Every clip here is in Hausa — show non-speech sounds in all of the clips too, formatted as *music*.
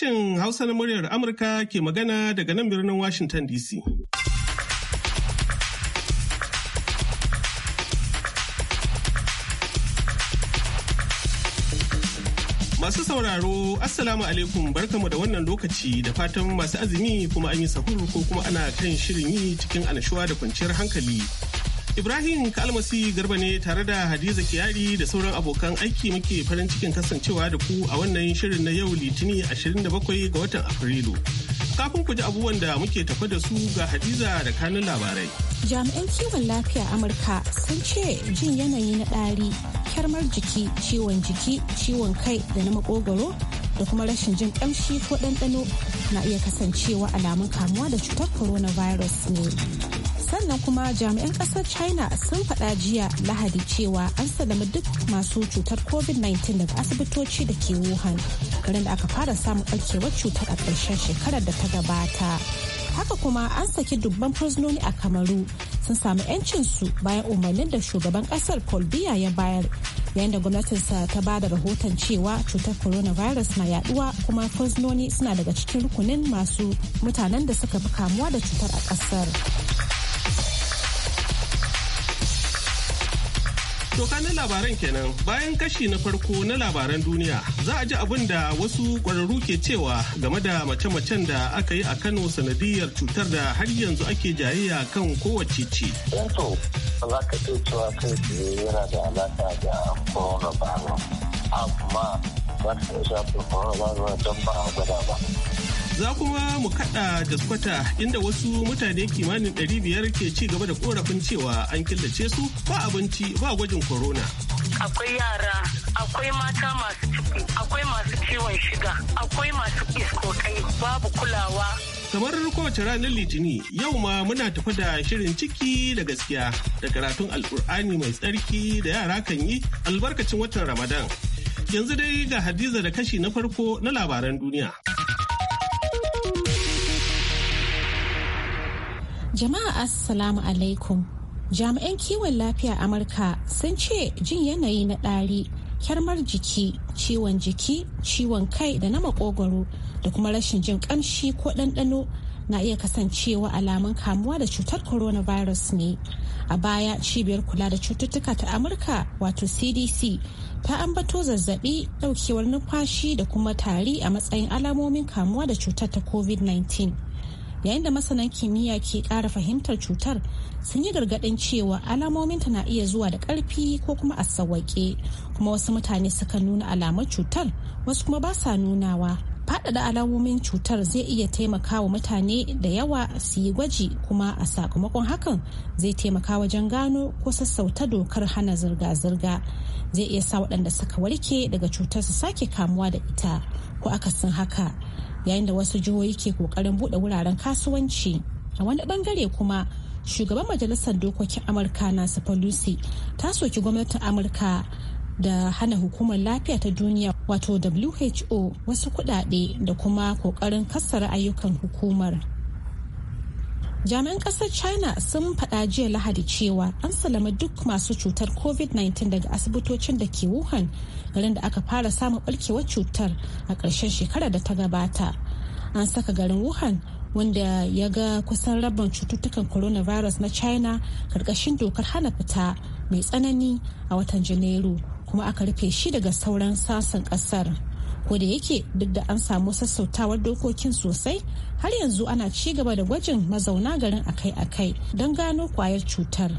Sashen Hausa na muryar Amurka ke magana daga nan birnin Washington DC. Masu sauraro, Assalamu alaikum barkamu da wannan lokaci da fatan masu azumi kuma an yi sahuru ko kuma ana kan shirin yi cikin anashuwa da kwanciyar hankali. Ibrahim Kalmasi Garba ne tare da Hadiza Kiyari da sauran abokan aiki muke farin cikin kasancewa da ku a wannan shirin na yau Litini 27 ga watan Afrilu. Kafin ku ji abubuwan da muke tafa da su ga Hadiza da kanun labarai. Jami'an kiwon lafiya Amurka sun ce jin yanayi na ɗari, kyarmar jiki, ciwon jiki, ciwon kai da na makogoro da kuma rashin jin ƙamshi ko ɗanɗano na iya kasancewa alamun kamuwa da cutar coronavirus ne. sannan kuma jami'an kasar china sun faɗa jiya lahadi cewa an sallami duk masu cutar covid-19 daga asibitoci da ke wuhan garin da aka fara samun ɓarkewar cutar a ƙarshen shekarar da ta gabata haka kuma an saki dubban fursunoni a kamaru sun samu 'yancinsu bayan umarnin da shugaban kasar paul ya bayar yayin da gwamnatinsa ta ba da rahoton cewa cutar coronavirus na yaduwa kuma fursunoni suna daga cikin rukunin masu mutanen da suka fi kamuwa da cutar a kasar To kanin labaran kenan bayan kashi na farko na labaran duniya za a ji abin da wasu ƙwararru ke cewa game da mace-macen da aka yi a Kano sanadiyar cutar da har yanzu ake jayayya kan kowace ce. Yanzu eh za ka ce cewa kai yana da alaƙa da coronavirus amma ba ta shafi coronavirus don ba a gwada ba. Za kuma mu kaɗa kwata inda wasu mutane kimanin 500 ke ci gaba da korafin cewa an killace su ba abinci ba gwajin corona. Akwai yara, akwai mata masu ciki, akwai masu ciwon shiga, akwai masu iskokai, babu kulawa. Kamar kowace ranar Litini, yau ma muna tafi da shirin ciki da gaskiya da karatun Alkur'ani mai tsarki da yara kan yi albarkacin watan Ramadan. Yanzu dai ga Hadiza da kashi na farko na labaran duniya. Jama'a Assalamu alaikum. Jami'an kiwon lafiya Amurka sun ce jin yanayi na ɗari, kyarmar jiki, ciwon jiki, ciwon kai da na makogwaro da kuma rashin jin ƙamshi ko ɗanɗano na iya kasancewa alamun kamuwa da cutar coronavirus ne. A baya cibiyar kula da cututtuka ta Amurka wato CDC ta ambato zazzaɓi daukewar numfashi da kuma tari a matsayin alamomin kamuwa da cutar ta COVID-19. yayin da masanan kimiyya ke ƙara fahimtar cutar sun yi gargaɗin cewa alamominta na iya zuwa da ƙarfi ko kuma a sawwaƙe kuma wasu mutane suka nuna alamun cutar wasu kuma ba sa nunawa faɗaɗa alamomin cutar zai iya taimaka wa mutane da yawa su yi gwaji kuma a sakamakon hakan zai taimaka wajen gano ko sassauta dokar hana zirga-zirga zai iya sa waɗanda suka warke daga cutar su sake kamuwa da ita ko akasin haka yayin da wasu jihohi ke kokarin bude wuraren kasuwanci a wani bangare kuma shugaban majalisar dokokin amurka nasa pelosi ta soki gwamnatin amurka da hana hukumar lafiya ta duniya wato who wasu kudade da kuma kokarin kassara ayyukan hukumar jami'an kasar china sun faɗa jiya lahadi cewa an salama duk masu cutar covid-19 daga asibitocin da ke wuhan garin da aka fara samun ɓarkewar cutar a ƙarshen shekara da ta gabata an saka garin wuhan wanda ya ga kusan rabin cututtukan coronavirus na china ƙarƙashin dokar hana fita mai tsanani a watan janairu kuma aka rufe shi daga sauran sassan kasar. ko da yake duk da an samu sassautawar dokokin sosai har yanzu ana ci gaba da gwajin mazauna garin akai-akai don gano kwayar cutar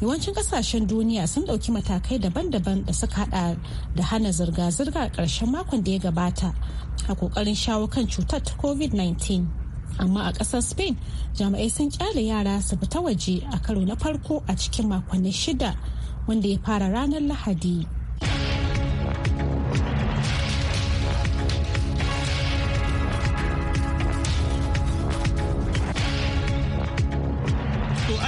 yawancin kasashen duniya sun ɗauki matakai daban-daban da suka hada da hana zirga-zirga ƙarshen makon da ya gabata a kokarin shawo kan cutar ta covid-19 amma a ƙasar spain jami'ai sun kyale yara su fita waje a karo na farko a cikin makonni shida wanda ya fara ranar lahadi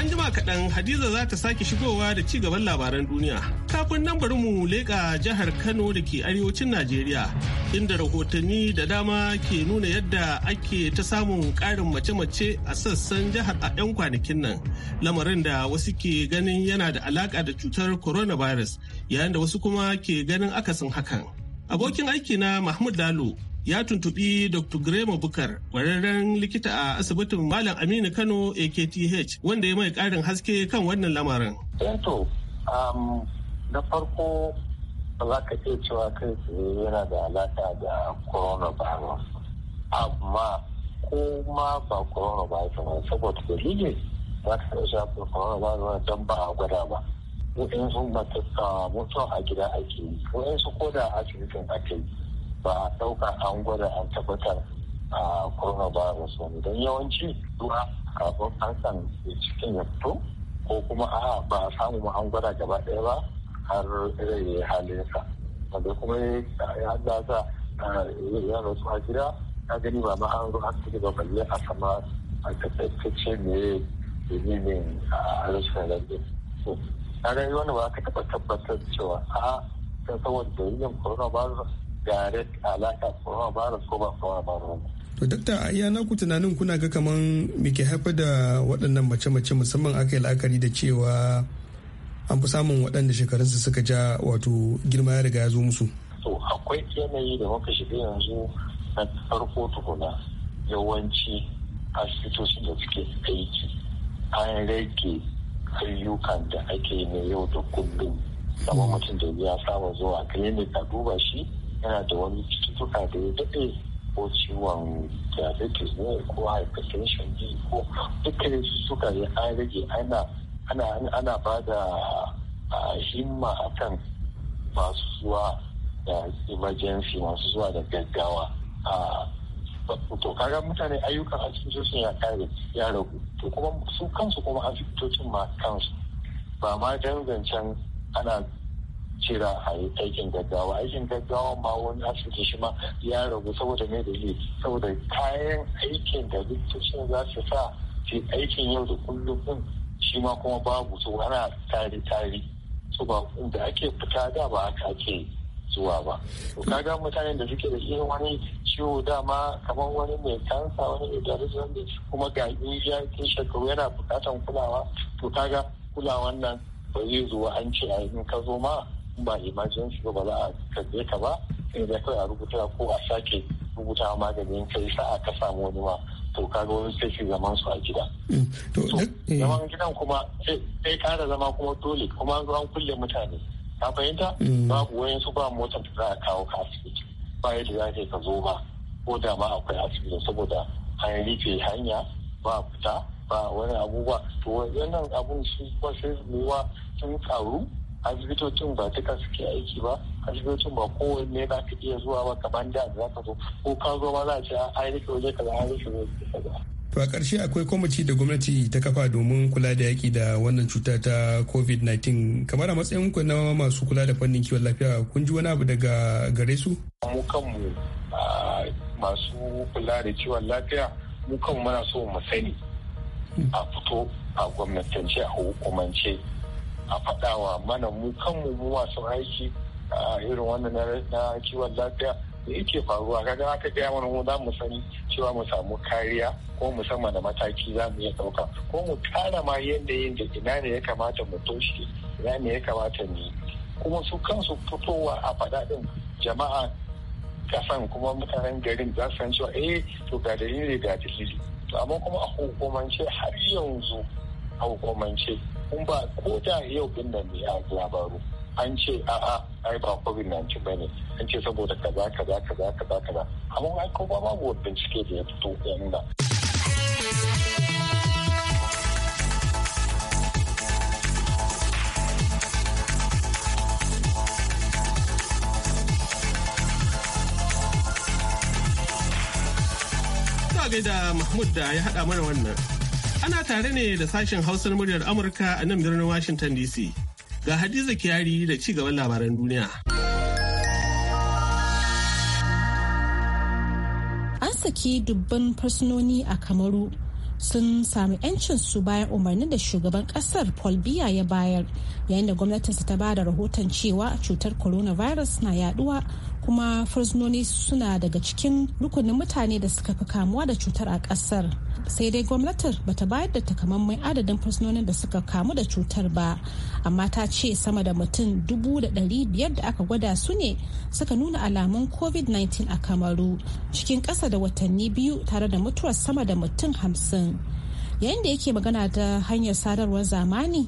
anjima jima kaɗan hadiza za ta sake shigowa da ci gaban labaran duniya kafin nan bari mu leƙa jihar kano da ke arewacin najeriya inda rahotanni da dama ke nuna yadda ake ta samun ƙarin mace-mace a sassan jihar a 'yan kwanakin nan lamarin da wasu ke ganin yana da alaƙa da cutar coronavirus yayin da wasu kuma ke ganin akasin hakan abokin aiki na mahmud lalo ya tuntubi Dr. Grema Bukar, kwararren likita a asibitin Malam Aminu Kano AKTH wanda ya mai ƙarin haske kan wannan lamarin. Eto, eh um, na farko za ka iya cewa kai yana da alaƙa da coronavirus. Amma ko ma ba coronavirus ba saboda dalilin za ka shafin coronavirus don ba a gwada ba. sun matuƙa mutuwa a gida ake yi, su ko da asibitin ake yi. ba a ɗauka an gwada an tabbatar a coronavirus wani don yawanci zuwa kafin an san cikin ya fito ko kuma a ba a samu ma an gwada gaba ɗaya ba har rai sa wanda kuma ya sa ya rasu a gida ya gani ba ma an ruwa cikin ba balle a sama a tattace ne dalilin a rashin lafiya to na gani wani ba ka taɓa tabbatar cewa a saboda dalilin coronavirus direct alaka coronavirus ko ba coronavirus. To dakta a iya naku tunanin kuna ga kamar miki ke haifar da waɗannan mace-mace musamman aka yi la'akari da cewa an fi samun waɗanda shekarunsu suka ja wato girma ya riga ya zo musu. To akwai yanayi da muka shiga yanzu na farko tukuna yawanci asibitoci da suke aiki an rage ayyukan da ake yi na yau da kullum. Sama hmm. mutum da ya saba zuwa clinic a duba shi yana da wani cututtuka da ya daɗe ko ciwon diabetes ne ko hypertension ne ko dukkan cututtuka ne an rage ana ana ana ba da himma akan masu zuwa da emergency masu zuwa da gaggawa to kaga mutane ayyukan asibitocin ya kare ya ragu to kuma su kansu kuma asibitocin ma kansu ba ma dangancan ana cewa a yi aikin gaggawa aikin gaggawa ma wani asibiti shi ma ya ragu saboda mai dalili saboda kayan aikin da likitocin za su sa su aikin yau da kullum din shi ma kuma babu su ana tare tare su ba da ake fita da ba aka ake zuwa ba to kaga mutane da suke da irin wani ciwo dama kamar wani mai kansa wani mai darajin kuma ga ya ke shekaru yana bukatan kulawa to kaga kulawan nan ba zai zuwa an ce a in ka zo ma ba emergency ba za a kaje ka ba in da kawai a rubuta ko a sake rubuta maganin kai sa ka samu wani ma to ga wani sai zaman su a gida. Mm, eh. zaman gidan kuma sai kara zama kuma dole kuma an kulle mutane ka fahimta mm. babu wayan su ba motar da za a kawo ka asibiti ba yadda za ka ka zo ba ko da ma akwai asibiti saboda hanyar rike hanya ba fita ba wani abubuwa to wannan abun su ba sai muwa sun karu asibitocin ba duka suke aiki ba asibitocin ba kowanne za ka iya zuwa ba kamar da za ka zo ko ka zo ma za a ce an ah, rike waje kaza an rike waje kaza. to a ƙarshe akwai kwamiti da gwamnati ta kafa domin kula da yaƙi da wannan cuta ta covid-19 kamar a matsayin ku na masu kula da fannin kiwon lafiya kun ji wani abu daga gare su. mu kanmu masu kula da kiwon lafiya mu kanmu muna so mu sani a fito a gwamnatance a hukumance a faɗawa mana mu kanmu mu masu aiki a irin wannan na kiwon lafiya da yake faruwa kaga aka gaya mana mu za mu sani cewa mu samu kariya ko musamman da mataki za mu iya ɗauka ko mu kara ma yadda yin da ina ne ya kamata mu toshe ina ne ya kamata mu yi kuma su kansu fitowa a faɗa ɗin jama'a kasan kuma mutanen garin za su san cewa eh to ga dalili ga dalili to amma kuma a hukumance har yanzu a hukumance kun ba ko da yau din nan ne a labaru an ce a'a ai ba covid 19 ba ne an ce saboda kaza kaza kaza kaza kaza amma ai ko ba babu bincike da ya fito ya nuna da Mahmud da ya haɗa mana wannan. Ana tare ne da sashen hausar muryar Amurka a nan birnin Washington DC. Ga Hadiza Kiyari da ci gaban labaran duniya. An saki dubban farsunoni a Kamaru sun sami 'yancin su bayan umarnin da shugaban kasar Paul Biya ya bayar yayin da gwamnatinsa ta ba da rahoton cewa cutar coronavirus na yaduwa kuma fursunoni suna daga cikin rukunin mutane da suka fi kamuwa da cutar a kasar. sai dai gwamnatin bata bayar da takamaiman adadin fursunonin da suka kamu da cutar ba amma ta ce sama da mutum dubu da biyar da aka gwada su ne suka nuna alamun covid-19 a kamaru cikin kasa da watanni biyu tare da mutuwar sama da mutum hamsin yayin da yake magana ta hanyar sadarwar zamani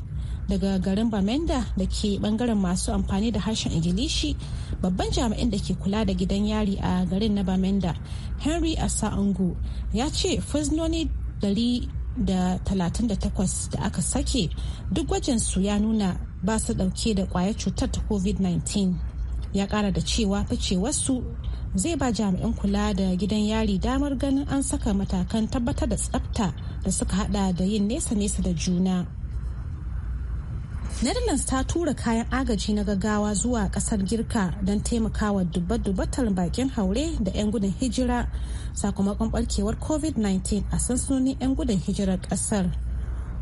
daga garin bamenda da ke bangaren masu amfani da harshen ingilishi babban jami'in da ke kula da gidan yari a garin na bamenda henry asa'angu ya ce fursunoni 138 da aka sake duk su ya nuna ba su dauke da kwayar cutar ta covid-19 ya kara da cewa fice wasu zai ba jami'in kula da gidan yari damar ganin an saka matakan tabbatar da tsabta da suka hada da yin nesa-nesa da juna. netherlands ta tura kayan agaji na gaggawa zuwa kasar girka don taimakawa dubbar-dubbatar bakin haure da 'yan gudun hijira sakamakon barkewar covid-19 a sansanonin 'yan gudun hijirar kasar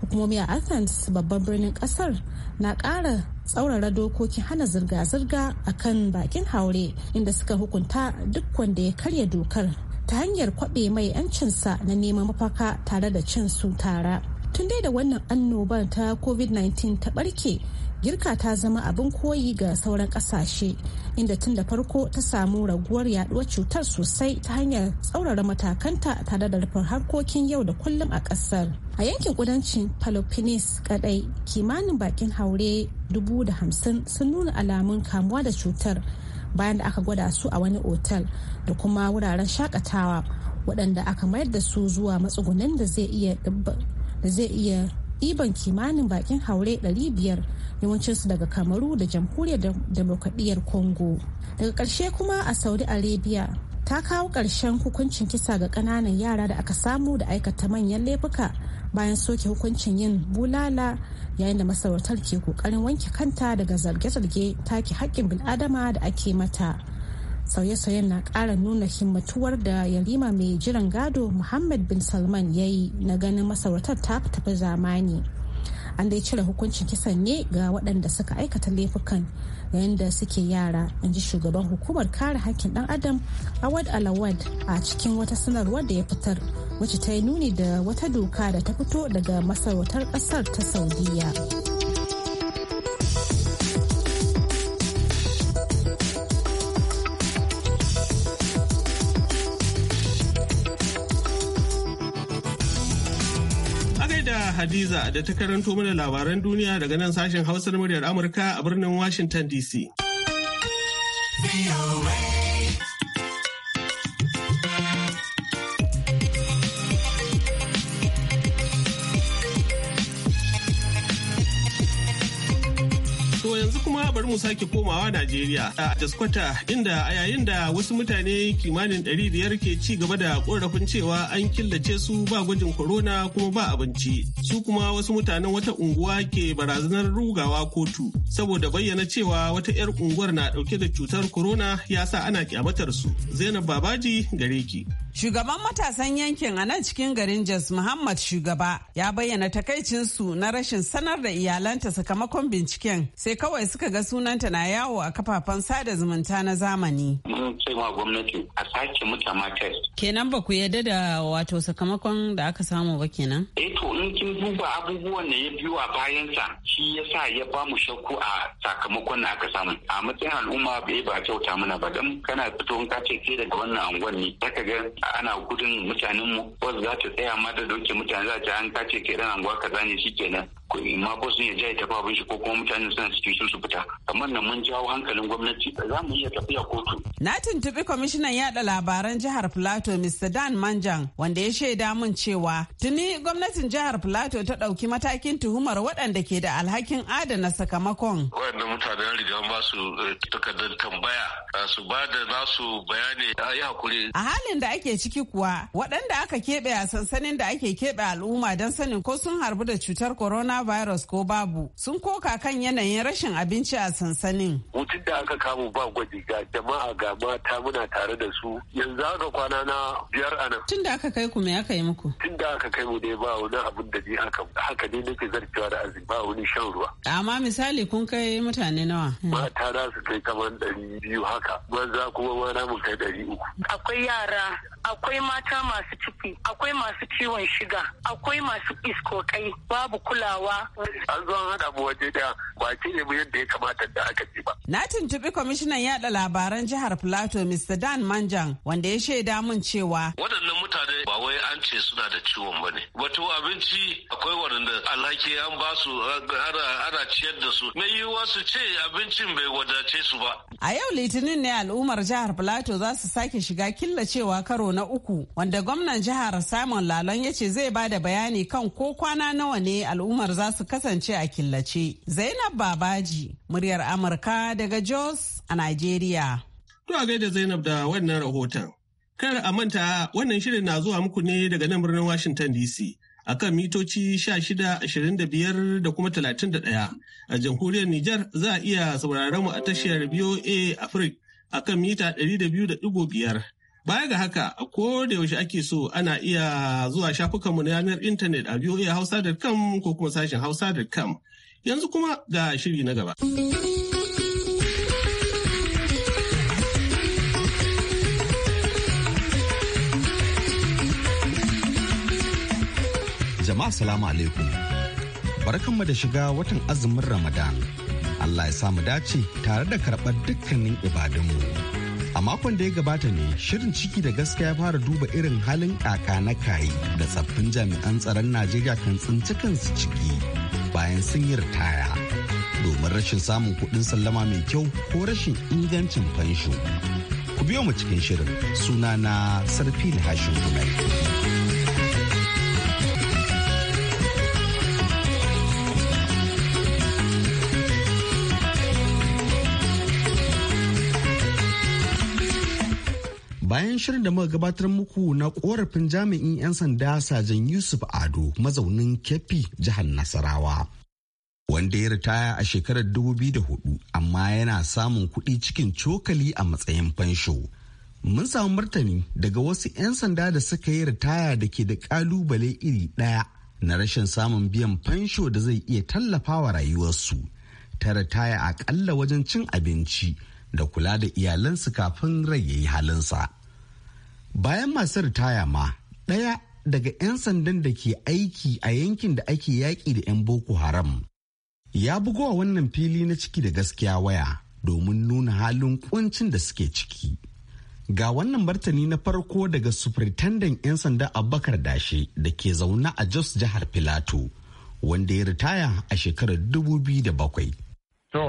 hukumomi a athens babban birnin kasar na kara tsaurara dokokin hana zirga-zirga a kan bakin haure inda suka hukunta duk wanda ya karya dokar ta hanyar kwabe mai 'yancinsa na neman mafaka tare da cin su tara. tun dai da wannan annobar ta covid-19 ta barke girka ta zama abin koyi ga sauran kasashe inda tun da farko ta samu raguwar yaduwar cutar sosai ta hanyar tsaurara matakanta tare da rufin harkokin yau da kullum a kasar a yankin kudancin pelopines kadai kimanin bakin haure dubu sun nuna alamun kamuwa da cutar bayan da aka gwada su a wani otal da kuma wuraren shakatawa waɗanda aka mayar da su zuwa matsugunin da zai iya da zai iya ɗiban kimanin bakin haure 500 yawancinsu daga kamaru da jamhuriyar demokradiyyar congo daga ƙarshe kuma a saudi arabia ta kawo ƙarshen hukuncin kisa ga ƙananan yara da aka samu da aikata manyan laifuka bayan soke hukuncin yin bulala yayin da masarautar ke ƙoƙarin wanke kanta daga zarge-zarge take haƙƙin bil'adama da ake mata sauye-sauyen na ƙara nuna himmatuwar da yarima mai jiran gado muhammad bin salman ya yi na ganin masarautar ta tafi zamani an dai cire hukuncin kisan ne ga waɗanda suka aikata laifukan yayin da suke yara in ji shugaban hukumar kare hakkin ɗan adam awad alawad a cikin wata sanarwar da ya fitar wacce ta yi nuni da wata doka da ta fito daga masarautar ƙasar ta saudiya. Hadiza da ta karanto mana labaran duniya daga nan sashen Hausa na muryar Amurka a birnin Washington DC. mu sake komawa Najeriya a Jaskwata inda a yayin da wasu mutane kimanin ɗari biyar ke ci gaba da korafin cewa an killace su ba gwajin korona kuma ba abinci. Su kuma wasu mutanen wata unguwa ke barazanar rugawa kotu saboda bayyana cewa wata 'yar unguwar na ɗauke da cutar korona ya sa ana kyamatar su. Zainab Babaji gare ki. Shugaban matasan yankin a nan cikin garin Jos Muhammad Shugaba ya bayyana takaicinsu na rashin sanar da iyalanta sakamakon binciken sai kawai suka ga sunanta na yawo a kafafen sada zumunta na zamani. Mun ce ma gwamnati a sake muta ma Kenan ba ku yarda da wato sakamakon da aka samu ba kenan? Eh to in kin duba abubuwan da ya biyo a bayansa shi ya sa ya ba mu shakku a sakamakon da aka samu. A matsayin al'umma bai ba kyauta mana ba dan kana fito ka ce ke daga wannan anguwan ne. Ta ga ana gudun mutanen mu wasu za ta tsaya ma da doke mutane za ta an kace ke dan anguwa kaza ne shikenan ma ko sun yi ta babin shi ko kuma mutanen suna su su su fita kamar nan mun jawo hankalin gwamnati za mu iya tafiya kotu. Na tuntubi kwamishinan yada labaran jihar Filato Mr. Dan Manjan wanda ya shaida mun cewa tuni gwamnatin jihar Filato ta ɗauki matakin tuhumar waɗanda ke da alhakin adana sakamakon. Waɗannan mutanen riga ba su eh, takardar tambaya eh, su ba da nasu bayani a yi hakuri. A halin da ake ciki kuwa waɗanda aka keɓe a sansanin da ake keɓe al'umma don sanin ko sun harbu da cutar corona coronavirus ko babu sun koka kan yanayin rashin abinci a sansanin. Mutum da aka kamu ba gwaji ga jama'a ga mata muna tare da su yanzu haka kwana na biyar a Tun da aka kai ku me aka yi muku? Tun da aka kai mu dai ba wani abin da ni haka haka ne nake zarcewa da azumi ba wani shan ruwa. Amma misali kun kai mutane nawa? Hmm. Mata za su kai kamar ɗari biyu haka maza kuma ma na kai ɗari uku. Akwai yara akwai mata masu ciki akwai masu ciwon shiga akwai masu iskokai babu kulawa kowa an zo an haɗa mu waje da ba ce ne mu yadda ya kamata da aka ce ba. Na tuntuɓi kwamishinan yaɗa labaran jihar Plateau Mr. Dan Manjan wanda ya shaida mun cewa. Waɗannan dai ba wai an ce suna da ciwon bane wato abinci akwai waɗanda alhaki an ba su ana ciyar da su mai yiwuwa su ce abincin bai wadace su ba a yau litinin ne al'ummar jihar plateau za su sake shiga killacewa karo na uku wanda gwamnan jihar simon lalon ya ce zai bada bayani kan ko kwana nawa ne al'ummar za su kasance a killace zainab babaji muryar amurka daga jos a nigeria to a gaida zainab da wannan rahoton Kar a manta wannan shirin na zuwa muku ne daga nan birnin Washington DC akan mitoci 1625 da kuma 31 a jamhuriyar Nijar za a iya sauraron mu a tashar BOA Africa akan mita 200.5 Baya ga haka a da yaushe ake so ana iya zuwa shafukanmu na yanar intanet a voahausa.com ko kuma sashen hausa.com yanzu kuma ga shiri na gaba. Jama'a salamu alaikum. Barkanmu da shiga watan azumin Ramadan. Allah ya samu dace tare da karɓar dukkanin ibadunmu. A makon da ya gabata ne shirin ciki da gaskiya fara duba irin halin kaka na kayi da tsaffin jami'an tsaron Najeriya kan tsinci kansu ciki bayan sun yi ritaya. domin rashin samun kuɗin sallama mai kyau ko rashin ingancin fansho. Ku biyo mu cikin shirin suna sunana na Hashin Gumai. bayan shirin da muka gabatar muku na korafin jami'in 'yan sanda sajan yusuf ado mazaunin kefi jihar nasarawa wanda ya ritaya a shekarar 2004 amma yana samun kuɗi cikin cokali a matsayin fansho mun samu martani daga wasu 'yan sanda da suka yi ritaya da ke da kalubale iri ɗaya na rashin samun biyan fansho da zai iya tallafawa rayuwarsu ta ritaya aƙalla wajen cin abinci da kula da iyalansu kafin rai ya yi halinsa. bayan masu ritaya ma ɗaya daga 'yan sandan da ke aiki a yankin da ake yaƙi da 'yan boko haram ya bugowa wannan fili na ciki da gaskiya waya domin nuna halin kuncin da suke ciki ga wannan martani na farko daga sufritandan 'yan sanda abubakar dashe da ke zaune a jos jihar filato wanda ya ritaya a shekarar 2007 to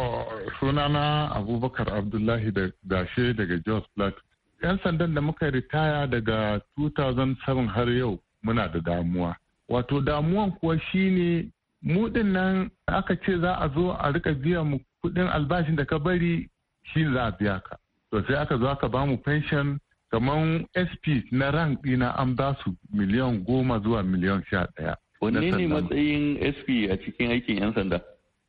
sunana abubakar abdullahi da dashe daga jos plateau 'yan sandan da muka ritaya daga 2007 har yau muna da damuwa wato damuwan kuwa shine mu nan aka ce za a zo a rika biya mu kudin albashin da ka bari shi za a biya ka to sai aka zo aka ba mu pension kamar sp na rank dina an ba su miliyan goma zuwa miliyan sha daya wanne ne matsayin sp a cikin aikin yan sanda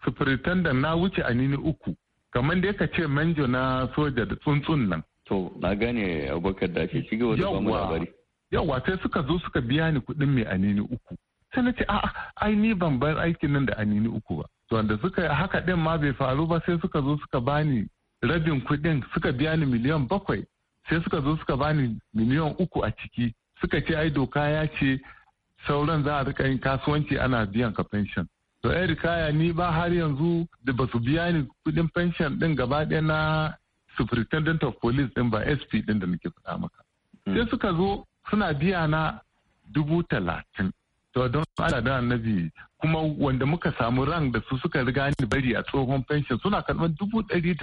sufuritan da na wuce a nini uku kamar da ka ce manjo na soja da tsuntsun nan To, na gane abokan da ake cigaba da bamu labari. Yawwa, sai suka zo suka biya ni kuɗin mai anini uku. Sai na ce, a'a, ai ni ban bar aikin nan da anini uku ba. To, da suka haka ɗin ma bai faru ba sai suka zo suka bani rabin kuɗin suka biya ni miliyan bakwai. Sai suka zo suka bani miliyan uku a ciki. Suka ce, ai doka ya ce sauran za a rika yin kasuwanci ana biyan ka pension. To, ai rikaya ni ba har yanzu da ba su biya ni kuɗin pension ɗin gaba ɗaya na superintendent of police din ba sp din da nake faɗa maka hmm. sai suka zo suna biya na dubu talatin to don Allah da annabi kuma wanda muka samu rang da su suka riga ni bari a tsohon pension suna karɓar dubu ɗari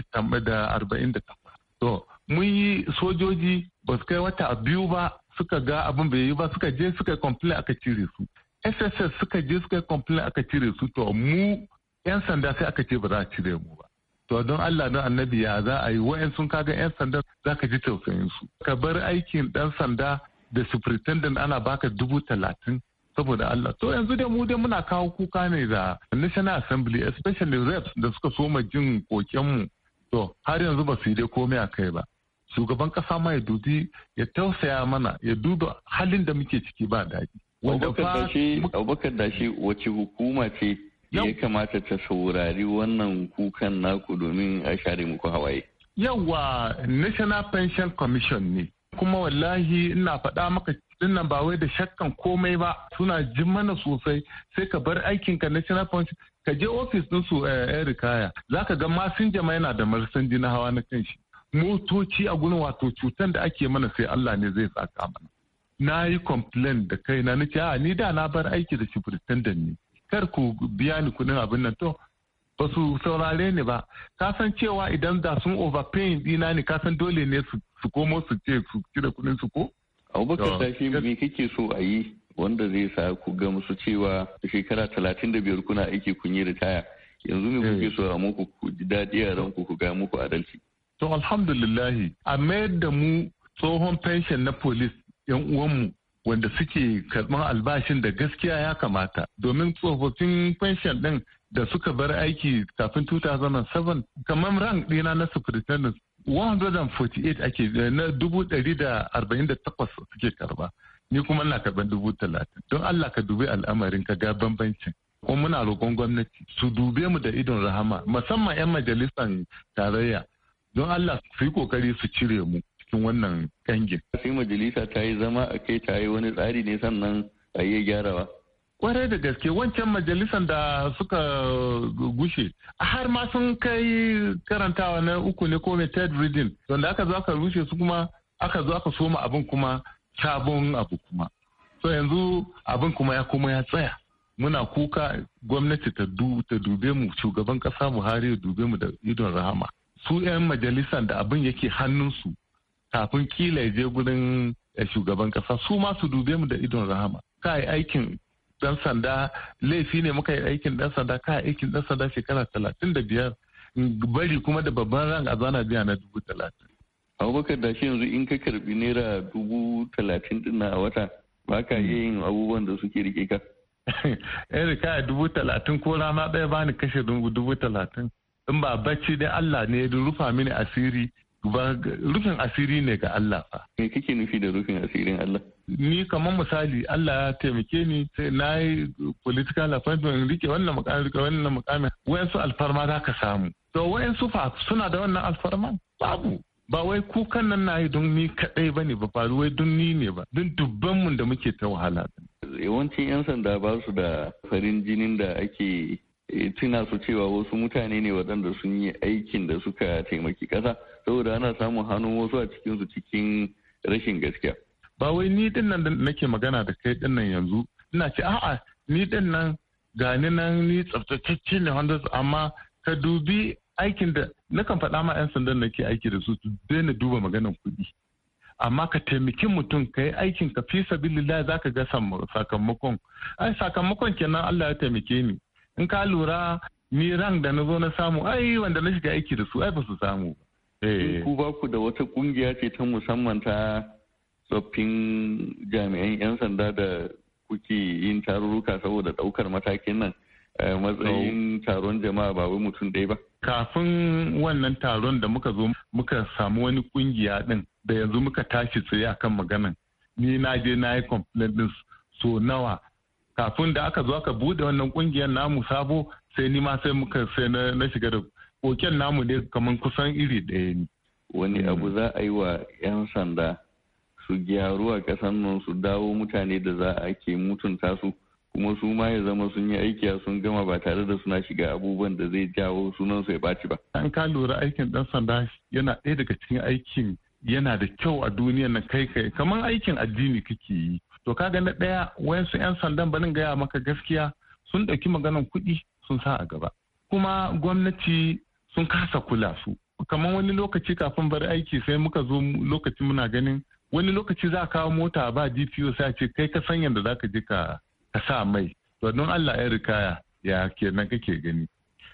da arba'in da takwas to mun yi sojoji ba su kai wata biyu ba suka ga abin bai yi ba suka je suka complain aka cire su sss suka je suka complain aka cire su to mu yan sanda sai aka ce ba za a cire mu ba to don Allah don annabi ya za a yi wa'yan sun kaga 'yan sanda za ka ji tausayin su ka bar aikin dan sanda da superintendent ana baka dubu talatin saboda Allah to yanzu dai mu dai muna kawo kuka ne da national assembly especially reps da suka soma jin koken mu to har yanzu ba su yi dai komai a kai ba shugaban kasa ma ya dubi ya tausaya mana ya duba halin da muke ciki ba daɗi. Abubakar da shi wace hukuma ce ya kamata ta saurari wannan kukan naku domin a share muku hawaye yawa national pension commission ne kuma wallahi ina faɗa maka dinnan ba wai da shakkan komai ba suna jin mana sosai sai ka bar aikinka national pension ka je ofis din su Erikaya eh, za ka ga masinja jama yana da marsandi na hawa na kan shi motoci a gurin wato cutan da ake mana sai Allah ne zai saka mana na yi complain da kaina na ce a ah, ni da na bar aiki da shi ne kar ku biya ni kudin abin nan to ba su saurare ni ba ka san cewa idan da sun overpaying dina ne ka san dole ne su komo su ce su cire kudin su ko abubakar tashi me kake so a yi wanda zai sa ku ga musu cewa shekara talatin da biyar kuna aiki kun yi ritaya yanzu ne kuke so a muku ku ji daɗi a ranku ku ga muku adalci to alhamdulillah a mayar da mu tsohon pension na police yan uwanmu wanda suke karɓar albashin da gaskiya ya kamata domin tsofaffin pension ɗin da suka bar aiki kafin 2007 kamar rank ɗina na superintendent 148 ake eh, na 148 suke karba ni kuma na karɓar 30,000 don Allah ka dubi al'amarin ka ga bambancin kuma muna roƙon gwamnati su dube mu da idon rahama musamman 'yan majalisar tarayya don Allah su yi kokari su cire mu cikin wannan kangin. Sai majalisa ta yi zama a kai ta yi wani tsari ne sannan a iya gyarawa. Kwarai da gaske wancan majalisan da suka gushe har ma sun kai karantawa na uku ne ko third reading wanda aka zo aka rushe su kuma aka zo aka soma abin kuma sabon abu kuma. So yanzu abin kuma ya kuma ya tsaya. muna kuka gwamnati ta dube mu shugaban kasa buhari ya dube mu da idon rahama su 'yan majalisan da abin yake hannunsu kafin kila ya je gudun eh, shugaban kasa su ma su dube mu da idon rahama ka yi aikin dan sanda laifi ne muka yi aikin dan sanda ka aikin dan sanda shekara talatin da biyar bari kuma da babban ran a zana biya na dubu talatin. abubakar da shi yanzu in ka karbi naira dubu talatin din a wata ba ka iya yin abubuwan da suke rike ka. *laughs* Eric ka dubu talatin ko rana ɗaya bani kashe dubu talatin. In ba bacci dai Allah ne ya rufa mini asiri ba rufin asiri ne ga Allah ba. Me kake nufi da rufin asirin Allah? Ni kamar misali Allah ya taimake ni sai na yi political appointment rike wannan mukamin rike wannan mukamin su alfarma za ka samu. To wayan su fa suna da wannan alfarma? Babu. Ba wai kukan nan na yi don ni kaɗai ba ne ba ba wai don ni ne ba don mun da muke ta wahala. Yawancin 'yan sanda ba su da farin jinin da ake Eh, tuna su cewa wasu mutane ne waɗanda sun yi aikin da suka taimaki ƙasa saboda ana samun hannun wasu a cikinsu cikin rashin gaskiya. Ba wai ni din nan nake magana da kai din nan yanzu ina ce a'a ni din nan gani nan ni tsaftatacce ne wanda amma ka dubi aikin da nakan faɗa ma 'yan sandan nake aiki da su su daina duba maganan kuɗi. amma ka taimaki mutum ka yi aikin ka fi sabilillah za ka ga sakamakon ai sakamakon kenan Allah ya taimake ni in ka lura ni ran da na zo na samu ai wanda na shiga aiki da su ai ba su samu eh. ku ba ku da wata kungiya ce ta musamman ta tsoffin jami'an 'yan sanda da kuke yin tarurruka saboda daukar matakin nan eh, matsayin taron jama'a ba wai mutum ɗaya ba kafin wannan taron da muka zo muka samu wani kungiya din da yanzu muka tashi tsaye akan maganan ni na je na yi complaint din so nawa kafin da aka zo aka bude wannan kungiyar namu sabo sai ni ma sai muka sai na shiga da koken namu ne kamar kusan iri ɗaya ne wani hmm. abu za a yi wa 'yan sanda su gyaru a ƙasan nan su dawo mutane da za a ke mutunta su kuma su ma ya zama sun yi aiki sun gama ba tare da suna shiga abubuwan da zai jawo sunan su ya ɓaci ba. An ka lura aikin ɗan sanda yana ɗaya daga cikin aikin yana da kyau a duniya nan kai kai kamar aikin addini kake yi to kaga na ɗaya wayansu 'yan sandan banin gaya maka gaskiya sun ɗauki maganan kuɗi sun sa a gaba kuma gwamnati sun kasa kula su kamar wani lokaci kafin bar aiki sai muka zo lokaci muna ganin wani lokaci za a kawo mota ba dpo sai a ce kai ka san yadda za ka je ka sa mai to don allah ya rikaya ya kenan kake gani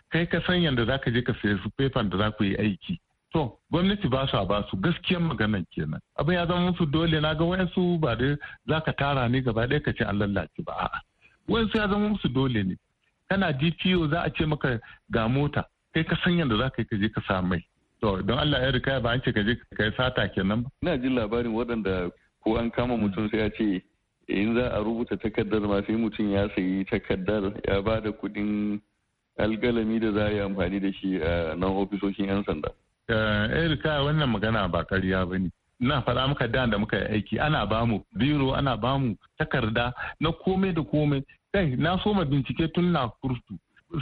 kai ka san yadda za ka je ka sayi su da za ku yi aiki To, gwamnati ba su ba su gaskiyar maganan kenan. Abin ya zama musu dole na ga wayansu ba da za ka tara ne gaba ɗaya ka ce an lallace ba a'a. Wayansu ya zama musu dole ne. Kana DPO za a ce maka ga mota kai ka san yadda za ka yi ka je ka sa mai. To, don Allah ya rika ba an ce ka je ka yi sata kenan ba. Ina jin labarin waɗanda ko an kama mutum sai ya ce in za a rubuta takardar ma sai mutum ya sayi takardar ya bada da kuɗin algalami da za a yi amfani da shi a eh, nan ofisoshin 'yan sanda. Eh, Erika wannan magana ba karya ba ne. na faɗa muka da da muka yi aiki ana bamu biro ana bamu takarda na kome da kome kai na soma bincike tun na kurtu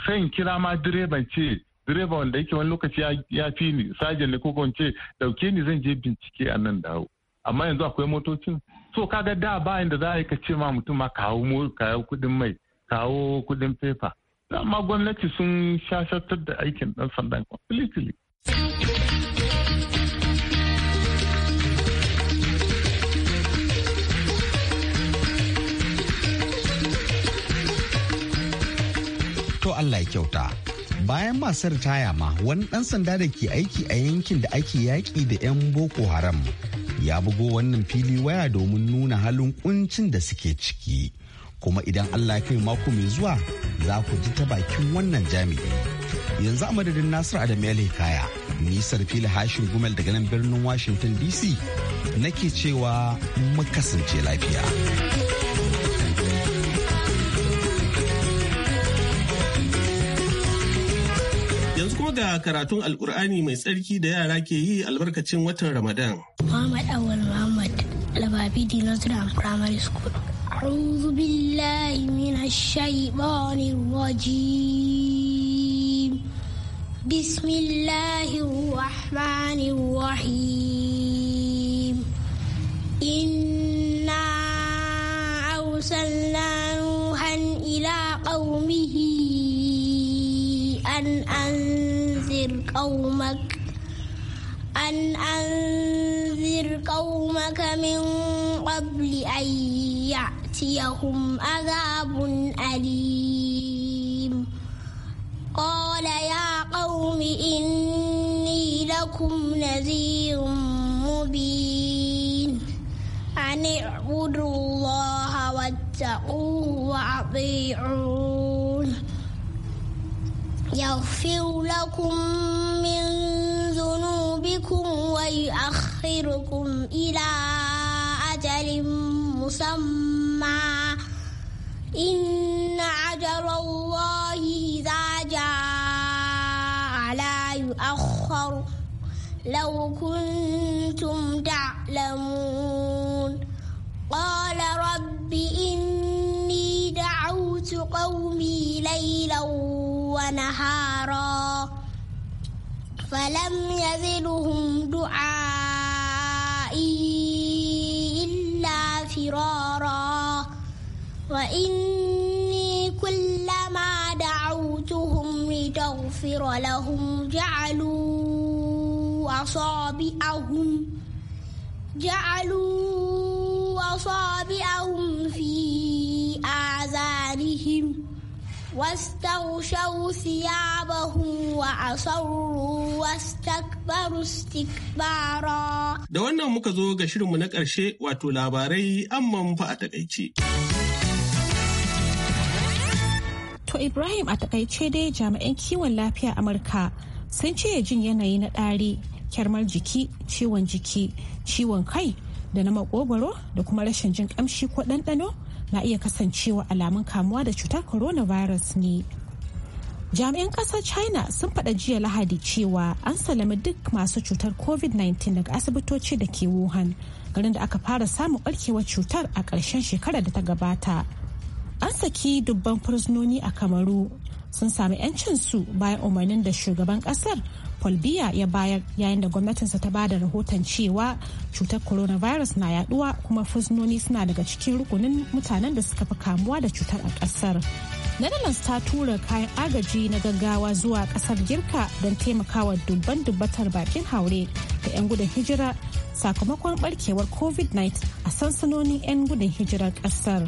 sai kira ma direban ce direba wanda yake wani lokaci ya fi ni sajan ne ko dauke ni zan je bincike a nan dawo amma yanzu akwai motocin so kaga da bayan da za a ce ma mutum ma kawo kawo kuɗin mai kawo kuɗin fefa amma gwamnati sun shashatar da aikin ɗan sandan completely Allah ya kyauta. Bayan masu ritaya ma wani ɗan sanda da ke aiki a yankin da ake yaƙi da 'yan Boko Haram ya bugo wannan fili waya domin nuna halin kuncin da suke ciki. Kuma idan Allah ya kai mako mai zuwa za ku ji ta bakin wannan jami'i. Yanzu a madadin Nasir Adam kaya nisar fili hashin gumel daga nan birnin Washington DC nake cewa mu kasance lafiya. da karatun alkur'ani mai tsarki da yara ke yi albarkacin watan ramadan muhammad awal muhammad lababi di primary school أعوذ بالله من الشيطان الرجيم بسم الله الرحمن الرحيم قومك أن أنذر قومك من قبل أن يأتيهم عذاب أليم قال يا قوم إني لكم نذير مبين أن اعبدوا الله واتقوه وأطيعوه يغفر لكم من ذنوبكم ويؤخركم إلى أجل مسمى إن أجل الله إذا جاء لا يؤخر لو كنتم تعلمون قال رب إني دعوت قومي ليلا ونهارا فلم يزلهم دعائي إلا فرارا وإني كلما دعوتهم لتغفر لهم جعلوا أصابعهم جعلوا أصابعهم في واستغشوا ثيابهم وعصروا واستكبروا استكبارا da wannan muka zo ga shirinmu na ƙarshe wato labarai amma fa a takaice. To Ibrahim a takaice dai jami'an kiwon lafiya Amurka sun ce jin yanayi na ɗari, kyarmar jiki, ciwon jiki, ciwon kai da na makogwaro da kuma rashin jin ƙamshi ko ɗanɗano na iya kasancewa alamun kamuwa da cutar coronavirus ne jami'an kasar china sun faɗa jiya lahadi cewa an salami duk masu cutar covid-19 daga asibitoci da ke wuhan garin da aka fara samun ɓarkewar cutar a ƙarshen shekarar da ta gabata an saki dubban fursunoni a kamaru sun sami su bayan umarnin da shugaban kasar Paul Biya ya bayar yayin da gwamnatinsa ta ba da rahoton cewa cutar coronavirus na yaduwa kuma fursunoni suna daga cikin rukunin mutanen da suka fi kamuwa da cutar a kasar. Netherlands ta tura kayan agaji na gaggawa zuwa kasar Girka don taimakawa dubban dubbatar bakin haure da 'yan gudun hijira sakamakon barkewar COVID-19 a sansanonin 'yan gudun hijirar kasar.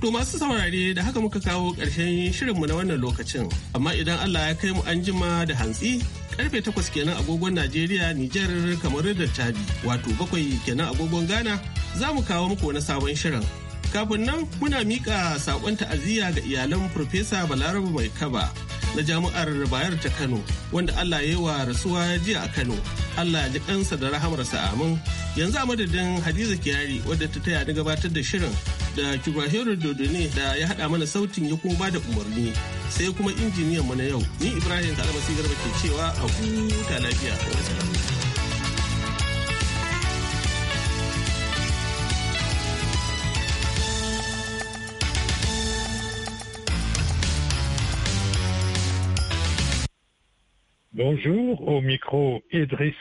To masu saurare da haka muka kawo ƙarshen shirinmu na wannan lokacin. Amma idan Allah ya kai mu an jima da hantsi, karfe takwas kenan agogon Najeriya, Nijar, kamar da Chadi, wato bakwai kenan agogon Ghana, za mu kawo muku wani sabon shirin. Kafin nan muna miƙa saƙon ta'aziyya ga iyalan Profesa Balarabu Mai Kaba na jami'ar Bayar ta Kano, wanda Allah ya yi wa rasuwa jiya a Kano. Allah ya ji kansa da rahamarsa amin. Yanzu a madadin Hadiza Kiyari wadda ta taya ni gabatar da shirin da Kibahiro Dodone da ya hada mana sautin ya kuma da umarni sai kuma injiniyan mu na yau ni Ibrahim Kalmasi Garba ke cewa a huta lafiya. Bonjour, au micro Idriss